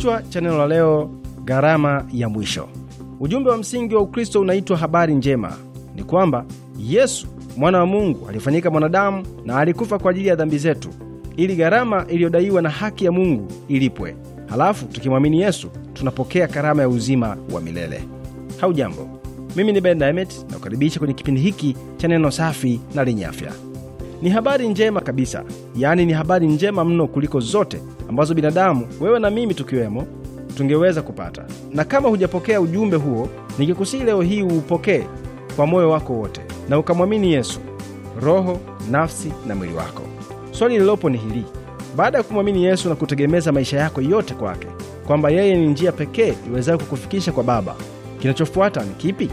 Kichwa cha neno la leo, gharama ya mwisho. Ujumbe wa msingi wa Ukristo unaitwa habari njema, ni kwamba Yesu mwana wa Mungu alifanyika mwanadamu na alikufa kwa ajili ya dhambi zetu, ili gharama iliyodaiwa na haki ya Mungu ilipwe. Halafu tukimwamini Yesu tunapokea karama ya uzima wa milele. Haujambo, mimi ni Ben Diamond na kukaribisha kwenye kipindi hiki cha neno safi na lenye afya ni habari njema kabisa, yaani ni habari njema mno kuliko zote ambazo binadamu, wewe na mimi tukiwemo, tungeweza kupata. Na kama hujapokea ujumbe huo, nikikusihi leo hii uupokee kwa moyo wako wote na ukamwamini Yesu roho, nafsi na mwili wako. Swali lililopo ni hili: baada ya kumwamini Yesu na kutegemeza maisha yako yote kwake, kwamba yeye ni njia pekee iwezayo kukufikisha kwa Baba, kinachofuata ni kipi?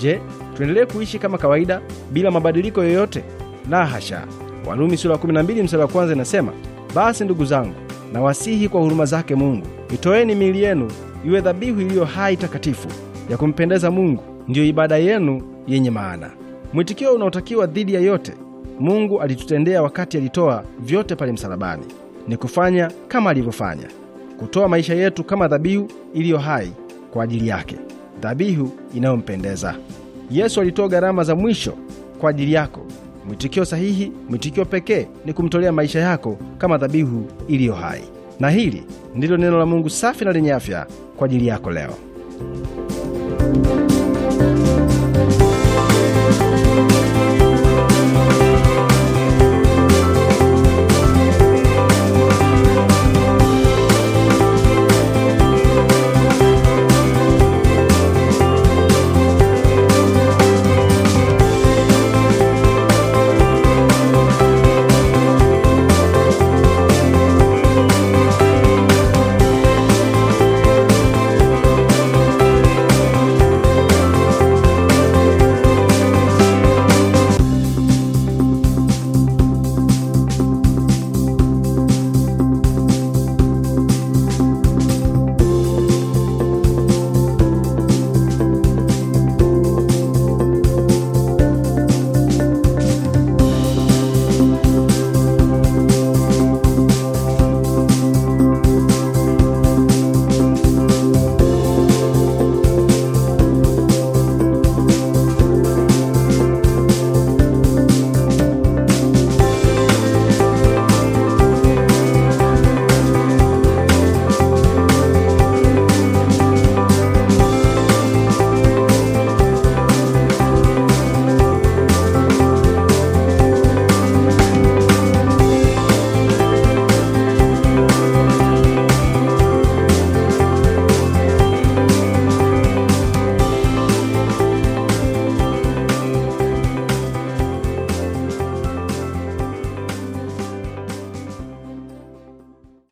Je, tuendelee kuishi kama kawaida bila mabadiliko yoyote la hasha! Warumi sura 12 mstari wa kwanza inasema, basi ndugu zangu, nawasihi kwa huruma zake Mungu, itoeni miili yenu iwe dhabihu iliyo hai, takatifu ya kumpendeza Mungu, ndiyo ibada yenu yenye maana. Mwitikio unaotakiwa dhidi ya yote Mungu alitutendea wakati alitoa vyote pale msalabani ni kufanya kama alivyofanya, kutoa maisha yetu kama dhabihu iliyo hai kwa ajili yake, dhabihu inayompendeza. Yesu alitoa gharama za mwisho kwa ajili yako Mwitikio sahihi, mwitikio pekee ni kumtolea maisha yako kama dhabihu iliyo hai. Na hili ndilo neno la Mungu safi na lenye afya kwa ajili yako leo.